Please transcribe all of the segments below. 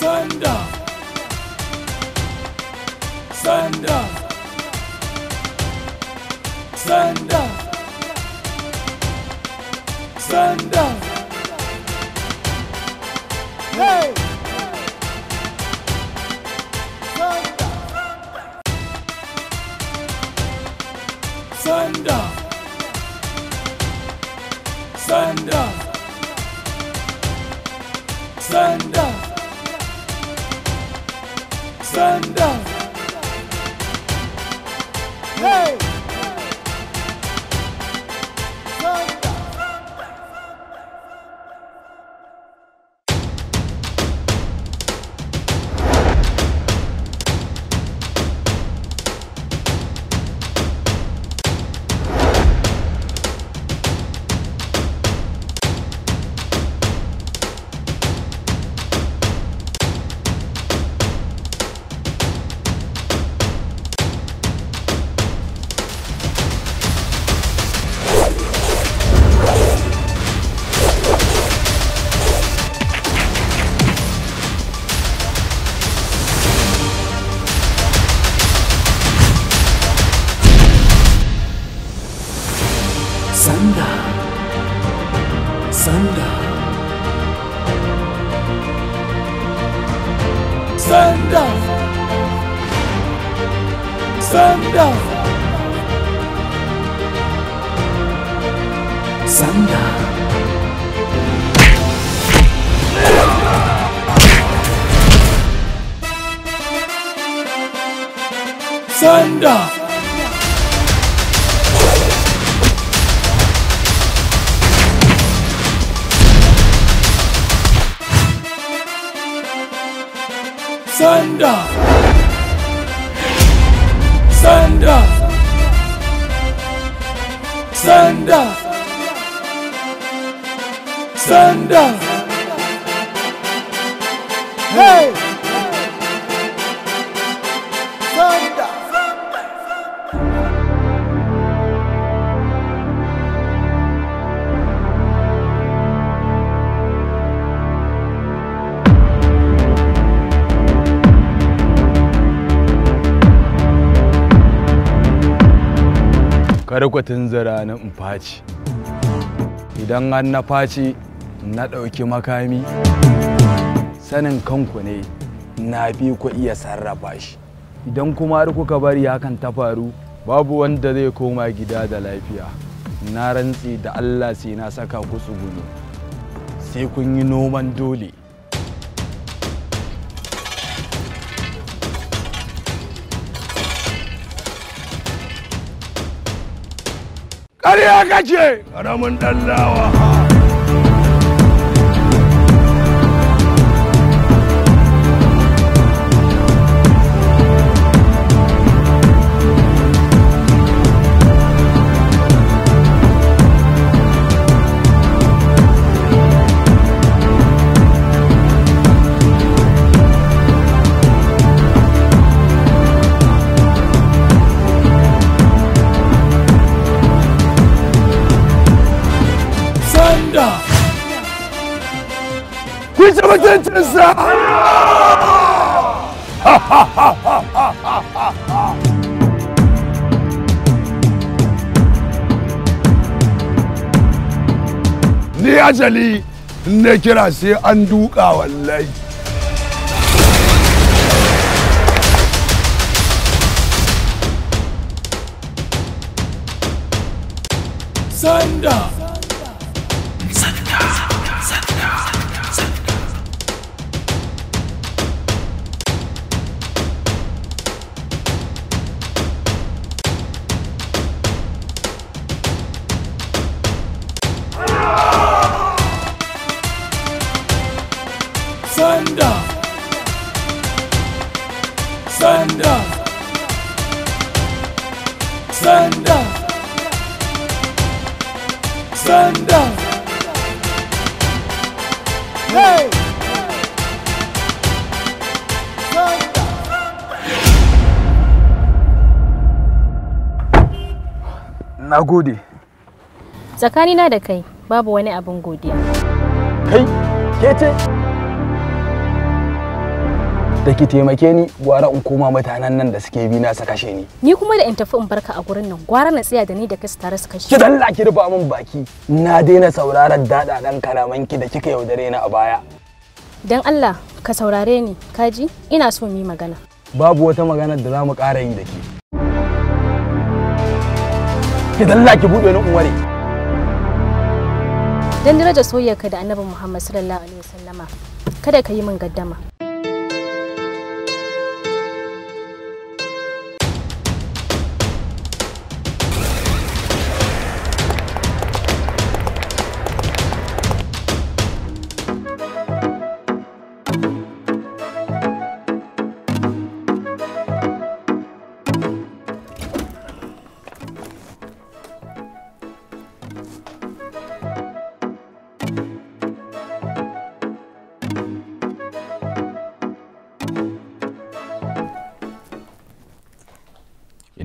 Thunder. thunder. Hey! Thunder! Thunder! Thunder! Thunder! Hey! karkwatin zira na faci idan an na faci na ɗauki makami sanin kanku ne na fi ku iya sarrafa shi idan kuma har kuka bari hakan ta faru babu wanda zai koma gida da lafiya na rantsi da allah sai na saka ku tsuguni sai kun yi noman dole ƙarya kake ƙaramin ɗan lawa asali ajali ne kira sai an duka wallahi Sanda! Sanda Sanda Hey Na gode Tsakanina da kai babu wani abin godiya Kai ke ce da ki taimake ni gwara in koma mutanen nan da suke bi na su kashe ni ni kuma da in tafi in barka a gurin nan gwara na tsaya da ni da kai su tare su kashe ki dalla ki ruba min baki na daina sauraron dadadan karaman ki da kika yaudare ni a baya dan Allah ka saurare ni kaji ina so mu magana babu wata magana da za mu ƙara yi da ke ki dalla ki buɗe ni ware. dan daraja soyayyarka da annabi Muhammad sallallahu alaihi wasallama kada ka yi min gaddama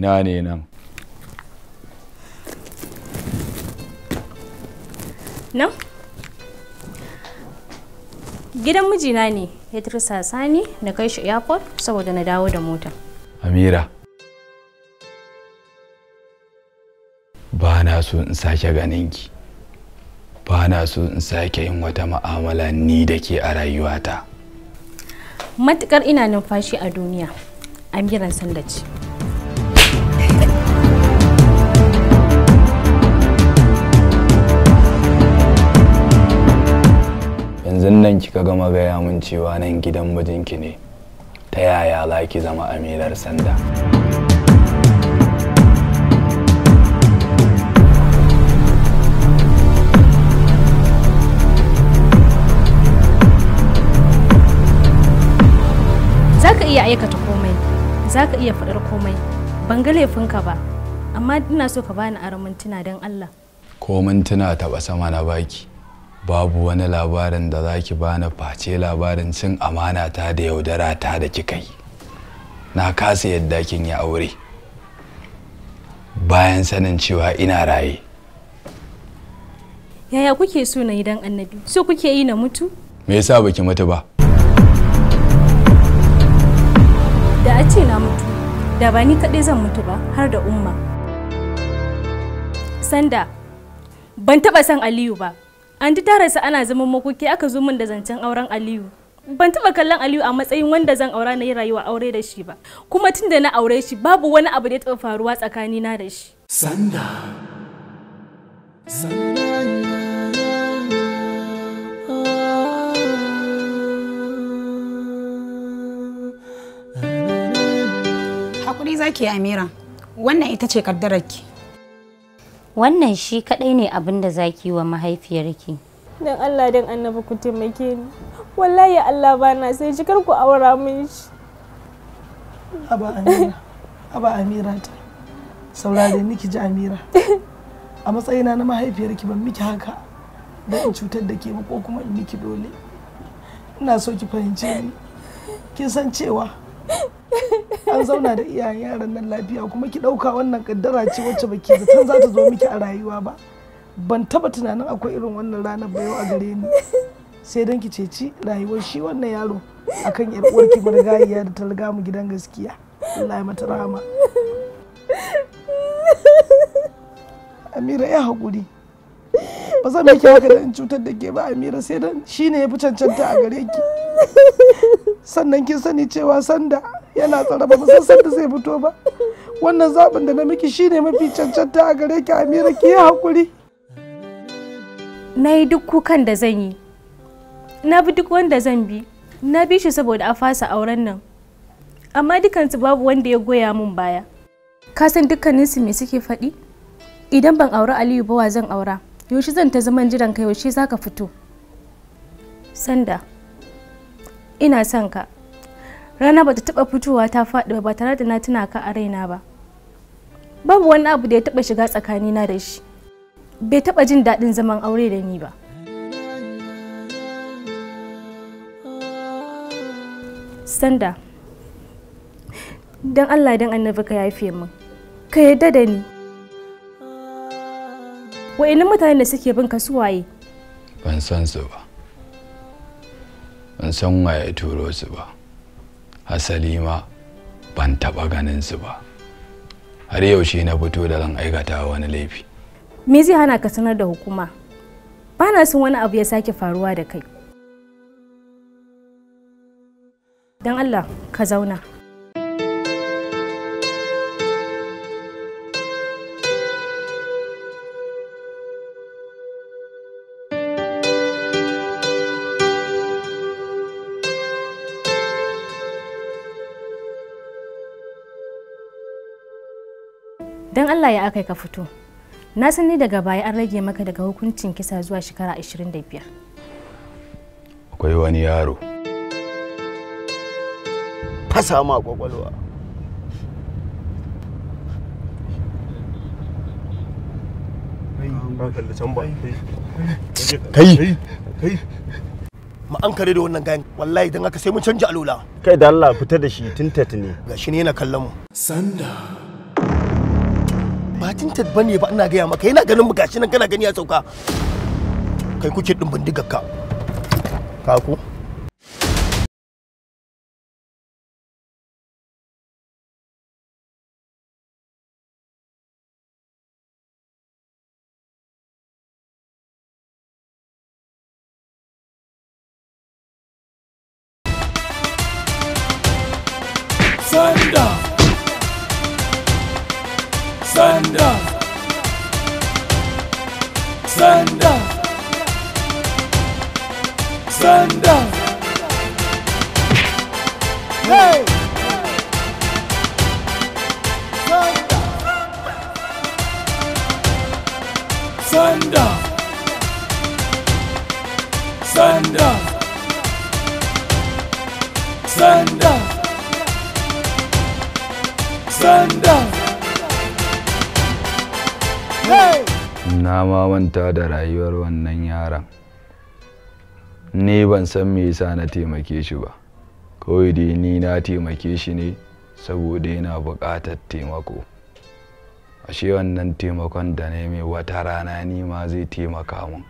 ina ne nan nan gidan mijina ne ya tursa sani na kai shi airport saboda na dawo da mota amira ba na so in sake ganinki ba na so in sake yin wata ma'amala ni da ke a rayuwata matukar ina numfashi a duniya amiran sanda ce yanzu nan kika gama gaya mun cewa nan gidan mijinki ne ta yaya za ki zama amirar sanda za ka iya aikata komai za ka iya faɗar komai ban ga laifinka ba amma ina so ka bani aron mintuna don allah ko mintuna taɓa sama na baki babu wani labarin da za ki bani face labarin cin amana ta da yaudara ta da kika yi na kasa yadda kin yi aure bayan sanin cewa ina raye yaya kuke so na idan annabi so kuke yi na mutu me yasa baki mutu ba da a ce na mutu da ba ni kaɗai zan mutu ba har da umma sanda ban taɓa san aliyu ba an ta rasa ana zaman makoki aka zo min da zancen auren aliyu ban taba kallon aliyu a matsayin wanda zan aura na yi rayuwa aure da shi ba kuma tun da na aure shi babu wani abu da ya taba faruwa tsakanina da shi sanda sanda hakuri zaki amira wannan ita ce kaddararki wannan shi kadai ne abin da za ki wa mahaifiyarki dan Allah dan annabi ku taimake ni wallahi Allah ba na sai jikar ku aura min shi aba amira aba amira ta saurare niki ji amira a matsayina na mahaifiyarki ban miki haka da in cutar da ke ba ko kuma in miki dole ina so ki fahimce ni kin san cewa an zauna da iyayen yaran nan lafiya kuma ki ɗauka wannan kaddara ce wacce ba baki zaton za ta zo miki a rayuwa ba ban taba tunanin akwai irin wannan ranar ba yau a gare ni sai don ki ceci rayuwar shi wannan yaro akan yar uwarki marigayiya da ta riga mu gidan gaskiya Allah ya mata rahama Amira ya haƙuri ba zan miki haka da in cutar da ke ba Amira sai shi ne ya fi cancanta a gare ki sannan kin sani cewa sanda yana tsara ba san sanda zai fito ba wannan zaɓin da na miki shine mafi cancanta a gare ki amira ki yi hakuri na yi duk kukan da zan yi na bi duk wanda zan bi na bi shi saboda a fasa auren nan amma dukansu babu wanda ya goya min baya ka san dukkaninsu me suke faɗi idan ban auri aliyu ba wa zan aura yaushe zan ta zaman jiran ka yaushe za ka fito sanda ina son ka rana ba ta taba fitowa ta faɗi ba tare da na tuna ka a raina ba babu wani abu da ya taba shiga tsakanina da shi bai taba jin daɗin zaman aure da ni ba sanda don allah don annabi ka yafe min ka yadda da ni wa'annan mutanen da suke bin su waye ban san su ba ban san waye turo su ba hasali ma ban taɓa ganin su ba har yaushe na fito da zan aikata wani laifi me zai hana ka sanar da hukuma ba na son wani abu ya sake faruwa da kai don allah ka zauna don allah ya aka ka fito na san ni daga baya an rage maka daga hukuncin kisa zuwa shekara 25 akwai wani yaro fasa ma kwakwalwa kai kai ma an kare da wannan gayan wallahi dan haka sai mun canja alola kai da Allah fita da shi tun ne gashi ne yana kallon mu sanda hajjinta ba ne ba ina gaya maka yana ganin mu gashi nan kana gani ya sauka kai kuke din bindigarka ka ku Thunder! Thunder. Thunder. Thunder. Hey. Thunder. Thunder. Thunder. Thunder. Thunder. na ma manta da rayuwar wannan yaron ni ban san me yasa na taimake shi ba kawai dai ni na taimake shi ne saboda yana buƙatar taimako ashe wannan taimakon da na mai wata rana ni ma zai taimaka mun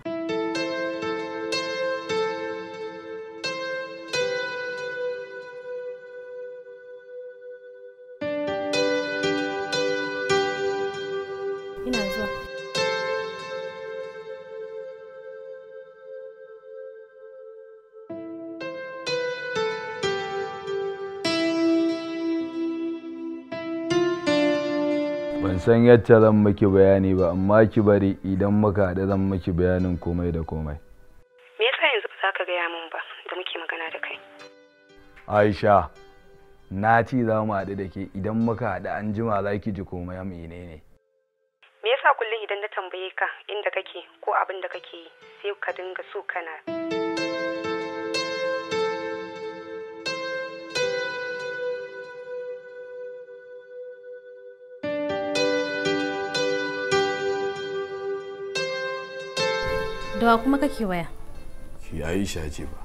san yadda zan miki bayani ba amma ki bari idan muka haɗu zan miki bayanin komai da komai me yasa yanzu ba za ka gaya min ba da muke magana da kai aisha na ci za mu haɗu da ke idan muka haɗu an jima za ki ji komai a ne ne me yasa kullum idan na tambaye ka inda kake ko abin da kake yi sai ka dinga so kana da kuma kake waya ki aisha ce ba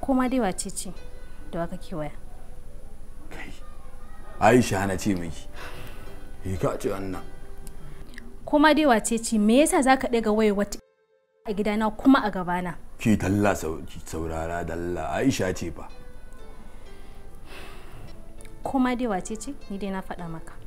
kuma dai wace ce da wa kake waya kai aisha na ce miki ki ka ce annan Kuma dai wace ce me yasa zaka daga waya wata a gidana kuma a gabana ki talla saurara dalla aisha ce ba kuma dai wace ce ni dai na faɗa maka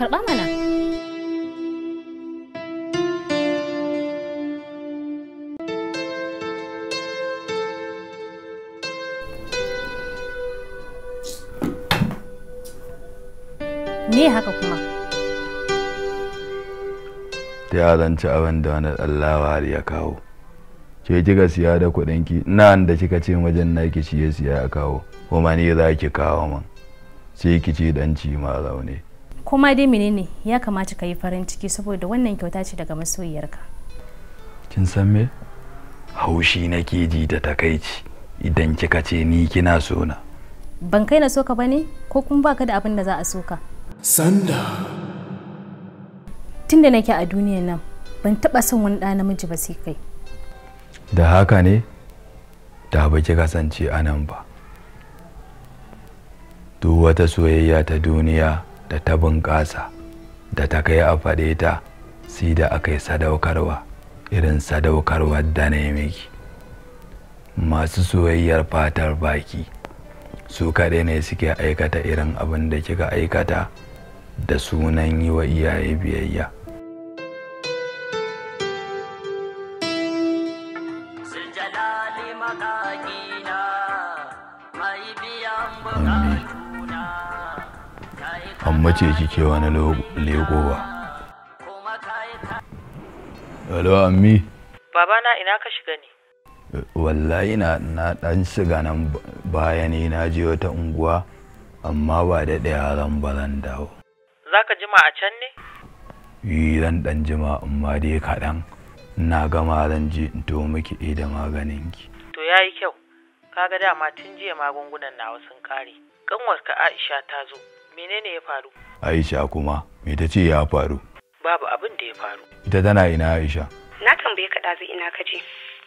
karɓa mana ne haka kuma ta zan ci abin da wani tsallawa ya kawo ke kika siya da kuɗinki nan da kika ce wajen na ki ciye siya a kawo kuma ne za ki kawo man sai ki ci ɗanci ma zaune kuma dai menene ya kamata ka yi farin ciki saboda wannan kyauta ce daga masoyiyarka kin san me haushi na ji da takaici idan kika ce ni kina so na ban kai na so ka bane ko kuma baka da abin da za a soka. ka sanda tunda nake a duniyar nan ban taba son wani ɗan namiji ba sai kai da haka ne da ba ki kasance anan ba duk wata soyayya ta duniya da ta bunƙasa da ta kai a faɗe ta si da aka yi sadaukarwa irin sadaukarwar da na miki masu soyayyar fatar baki su kaɗai ne suke aikata irin abin da kika aikata da sunan yi wa iyaye biyayya amma ce cewa na ba. Alo, ammi. Babana ina ka shiga ne? Wallahi na ɗan dan shiga nan baya na je wata unguwa amma ba da ɗaya ran ba dawo. Za ka jima a can ne? Yi ran dan jima amma dai kaɗan. Na gama ran je to miki e da maganin ki. To ya yi kyau. Kaga dama tun jiya magungunan nawa sun kare. Kanwarka Aisha ta zo. menene ya faru aisha kuma me ta ce ya faru babu abin da ya faru ita tana ina aisha na tambaye ka ɗazu ina ka je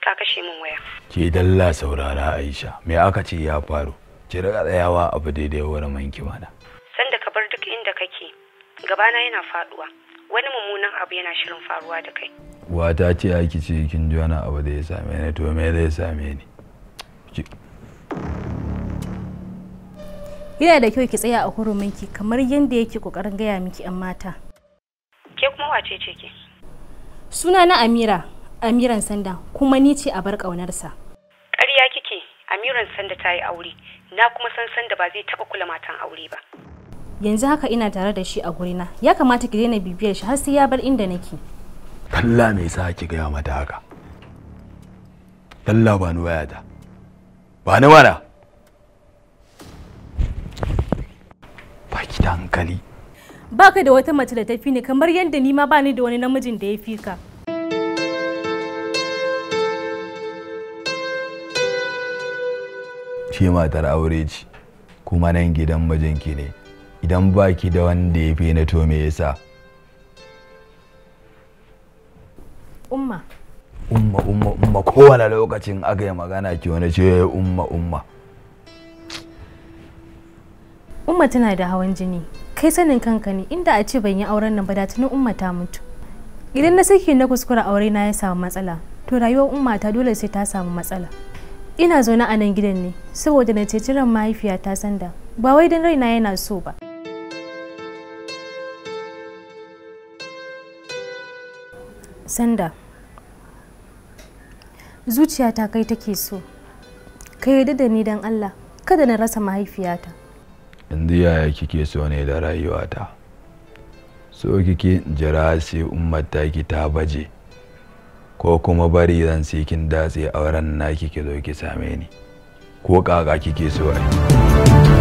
ka kashe min waya ke dalla saurara aisha me aka ce ya faru ki riga tsayawa abu daidai wurin manki mana sanda ka bar duk inda kake gabana yana faduwa wani mummunan abu yana shirin faruwa da kai wata ce aiki ce kin ji wani abu da ya same ni to me zai same ni yana da kyau ki tsaya a hurumin ki kamar yadda yake kokarin gaya miki yan mata ke kuma wace ce ke suna na amira amiran sanda kuma ni ce a bar ƙaunarsa ƙarya kike amiran sanda ta yi aure na kuma san sanda ba zai taɓa kula matan aure ba yanzu haka ina tare da shi a gurina ya kamata ki daina bibiyar shi har sai ya bar inda nake Allah me yasa ki gaya mata haka Allah ba ni wayata ba ni mana baki da hankali baka da wata mace da tafi ne kamar yadda ni ma bani da wani namijin da ya fi ka ce matar aure ce kuma nan gidan mijinki ne idan baki da wanda ya fi na to me yasa umma umma umma umma kowane lokacin aka yi magana ki wani ce umma umma umma tana da hawan jini kai sanin kanka ne inda a ce ban yi auren nan ba da tunan umma ta mutu idan na saki na kuskura aure na ya samu matsala to rayuwar umma ta dole sai ta samu matsala ina zaune a nan gidan ne saboda na ceci ran mahaifiya ta sanda ba wai don raina yana so ba sanda zuciya ta kai take so ka yarda da ni dan allah kada na rasa mahaifiyata yanzu yaya kike so ne da rayuwata so kike jira sai ummar taki ta baje ko kuma bari zan sai kin datse auren naki ki zo ki same ni ko kaka kike so ne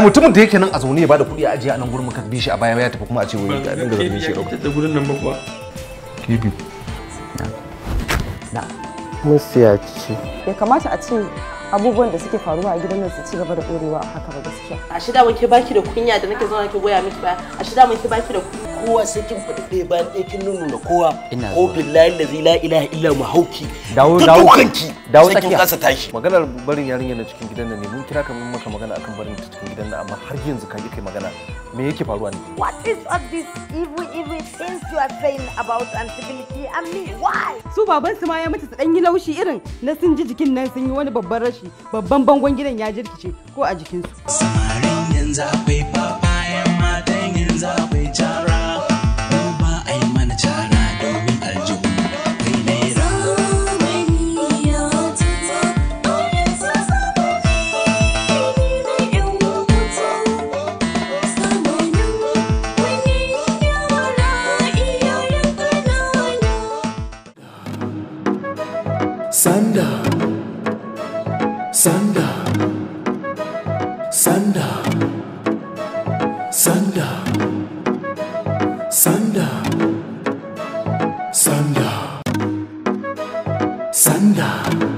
ya mutumin da yake nan a zaune ya bada kuɗi a ajiye a nan gurin muka bi shi a baya ya tafi kuma a ce wai ga dinga zaune shi ɗauka. Da gurin nan ba kuwa. Kifi. Na. Musiya ce. Ya kamata a ce abubuwan da suke faruwa a gidan nan su ci gaba da ɗorewa a haka ba gaskiya. A shida mun ke baki da kunya da nake zama ke goya miki baya. A shida mun ke baki da kunya. kowa sai kin faɗi ɗaya bayan ɗaya kin nuna kowa ko billahi la ilaha illa mu hauki dawo dawo kanki dawo kin kasa tashi maganar barin yarinya na cikin gidan nan ne mun kira kamar maka magana akan barin ta cikin gidan nan amma har yanzu kan kai magana me yake faruwa ne what is all this evil evil things you are saying about sensibility and me why su baban su ma ya mutu su dan yi laushi irin na sun ji jikin nan sun yi wani babban rashi babban bangon gidan ya jirkice ko a jikinsu samarin yanzu akwai babayen matan yanzu akwai Yeah.